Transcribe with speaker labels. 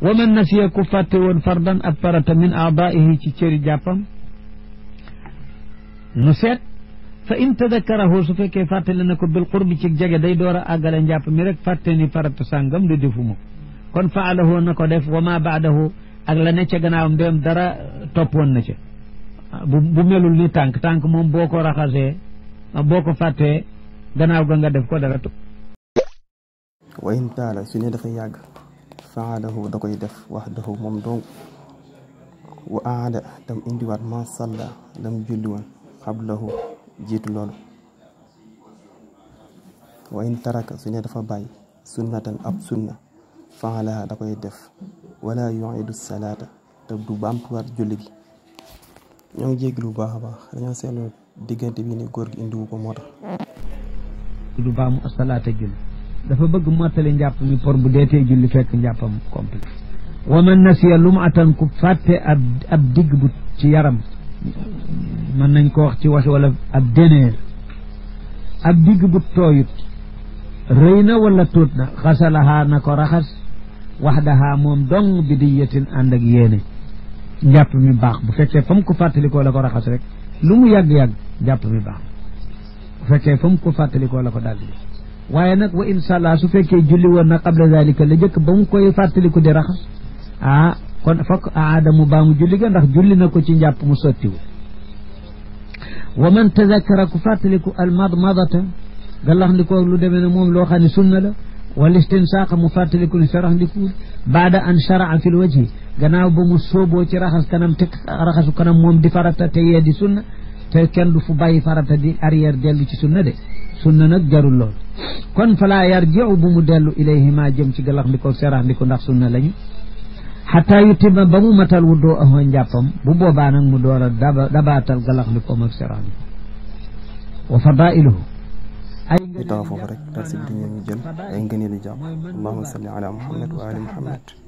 Speaker 1: wa man nasiya ku fàtte woon fardan ab farata min aadaihi ci cëri jàppam nu seet fa in tadakarahu su fekkee fàttali na ko bil qurbi ci jege day door a àggale njàpp mi rek fàtte ni farata sàngam du defuma kon faalahu na ko def wa baada baadahu ak la ne ca gannaawam dara toppoon na ci bu melul ni tànk tànk moom boo ko raxasee boo ko fàttee gannaaw ga nga def ko dara.
Speaker 2: wa faalahu da koy def wax wahdahu moom dong wa aada dam indiwaat ma salla dam julli woon xablahu jiit lool wa in taraka su dafa dafa bàyyi tam ab sunna faalaha da koy def wala yuidu salaata te du baamtuwaat julli gi ñoo ngi jéggi lu baax a baax dañoo seetlu diggante bi ni góor gi indiwu ko moo tax
Speaker 1: du baamu salaata julli dafa bëgg mottali njàpp mi por bu deetee julli fekk njàppam complet wa man nasiya lu mu atan ku fàtte ab ab digg bu ci yaram mën nañ ko wax ci waxi walla ab deneer ab digg bu tooyut rëy na wala tuut na xasalahaa na ko raxas waxdahaa moom dong bi di yetin ànd ak yéene njàpp mi baax bu fekkee fa mu ko fàttalikoo la ko raxas rek lu mu yàgg-yàgg njàpp mi baax bu fekkee fa mu ko fàttalikoo la ko daldi waaye nag wa insha allah su fekkee julli woon na qabla zalika la jëkk ba mu koy fàttaliku di raxas ah kon fokk aadamu baa mu julli ga ndax julli na ko ci njàpp mu sottiwu wa man tazakara ku fàttaliku al madmadata galax ndikoo lu demee ne moom loo xam ne sunna la wal istinsaaq mu fàttaliku ni sarax ndikuul baada an sharaa fi l wajhi gannaaw ba mu sóoboo ci raxas kanam te raxasu kanam moom di farata te di sunna te kenn du fu bàyyi farata di arrière dellu ci sunna de sunna nag lool kon falaa yarjiu bu mu dellu ilayhima jëm ci galax ndiko serax ndiko ndax sunna lañu xataa yu timma bu mu matal wu doo ahoo njàppam bu boobaa nag mu door a dabaatal galax ndikoom ak serax ndiko wa fadailuhu ay
Speaker 2: ñu taxaw foofu
Speaker 1: rek darsi bi di ñëw ñu jël ay ngëneelu jàpp allahuma